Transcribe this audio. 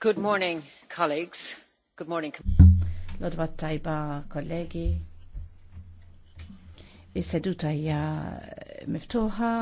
Good morning, colleagues. Good morning. Lodwa tajba, kollegi. Is-seduta hija miftuħa